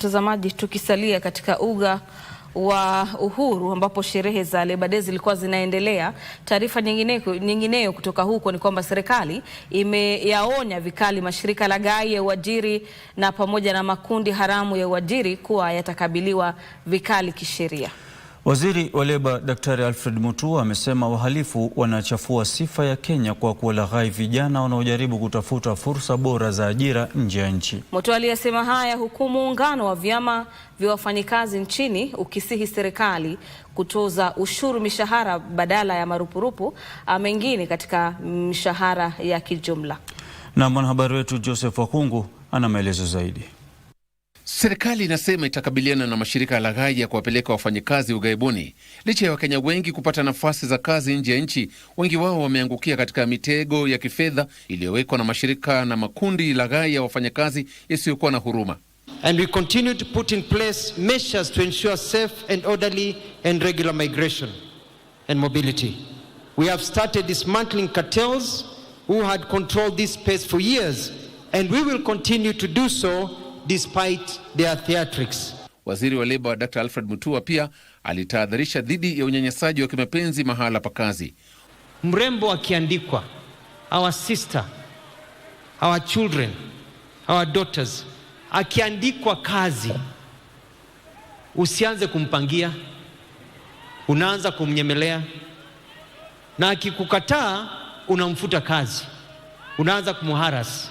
Mtazamaji, tukisalia katika uga wa Uhuru ambapo sherehe za Labour Day zilikuwa zinaendelea. Taarifa nyingineyo kutoka huko ni kwamba serikali imeyaonya vikali mashirika gai ya uajiri na pamoja na makundi haramu ya uajiri kuwa yatakabiliwa vikali kisheria. Waziri wa Leba Daktari Alfred Mutua amesema wahalifu wanachafua sifa ya Kenya kwa kuwalaghai vijana wanaojaribu kutafuta fursa bora za ajira nje ya nchi. Mutua aliyesema haya huku muungano wa vyama vya wafanyikazi nchini ukisihi serikali kutoza ushuru mishahara badala ya marupurupu mengine katika mishahara ya kijumla. Na mwanahabari wetu Joseph Wakungu ana maelezo zaidi. Serikali inasema itakabiliana na mashirika ya laghai ya kuwapeleka wafanyikazi ughaibuni. Licha ya Wakenya wengi kupata nafasi za kazi nje ya nchi, wengi wao wameangukia katika mitego ya kifedha iliyowekwa na mashirika na makundi laghai ya wafanyakazi yasiyokuwa na huruma. And we continue to put in place measures to ensure safe and orderly and regular migration and mobility. We have started dismantling cartels who had controlled this space for years and we will continue to do so despite their theatrics. Waziri wa Leba Dr. Alfred Mutua pia alitahadharisha dhidi ya unyanyasaji wa kimapenzi mahala pa kazi. Mrembo akiandikwa, our sister, our children, our daughters, akiandikwa kazi, usianze kumpangia, unaanza kumnyemelea, na akikukataa unamfuta kazi, unaanza kumharasi.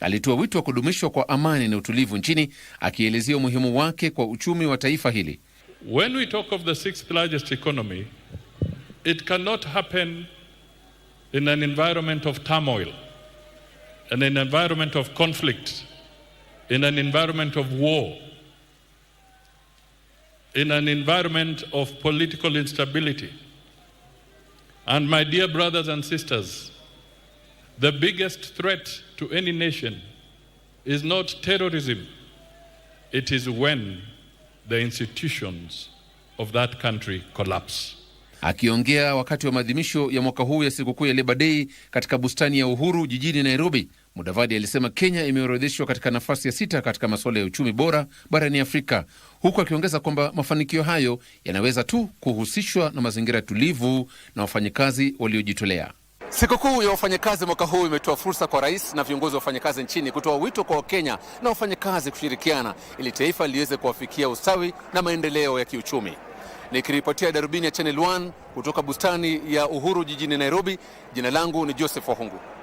alitoa wito wa kudumishwa kwa amani na utulivu nchini, akielezea umuhimu wake kwa uchumi wa taifa hili. When we talk of the sixth largest economy, it cannot happen in an environment of turmoil, in an environment of conflict, in an environment of war, in an environment of political instability. And my dear brothers and sisters, The biggest threat to any nation is not terrorism. It is when the institutions of that country collapse. Akiongea wakati wa maadhimisho ya mwaka huu ya sikukuu ya Labor Day katika bustani ya Uhuru jijini Nairobi, Mudavadi alisema Kenya imeorodheshwa katika nafasi ya sita katika masuala ya uchumi bora barani Afrika, huku akiongeza kwamba mafanikio hayo yanaweza tu kuhusishwa na mazingira tulivu na wafanyakazi waliojitolea. Sikukuu ya wafanyakazi mwaka huu imetoa fursa kwa rais na viongozi wa wafanyakazi nchini kutoa wito kwa Wakenya na wafanyakazi kushirikiana ili taifa liweze kuwafikia ustawi na maendeleo ya kiuchumi. Nikiripotia darubini ya Channel 1 kutoka bustani ya Uhuru jijini Nairobi, jina langu ni Joseph Wahungu.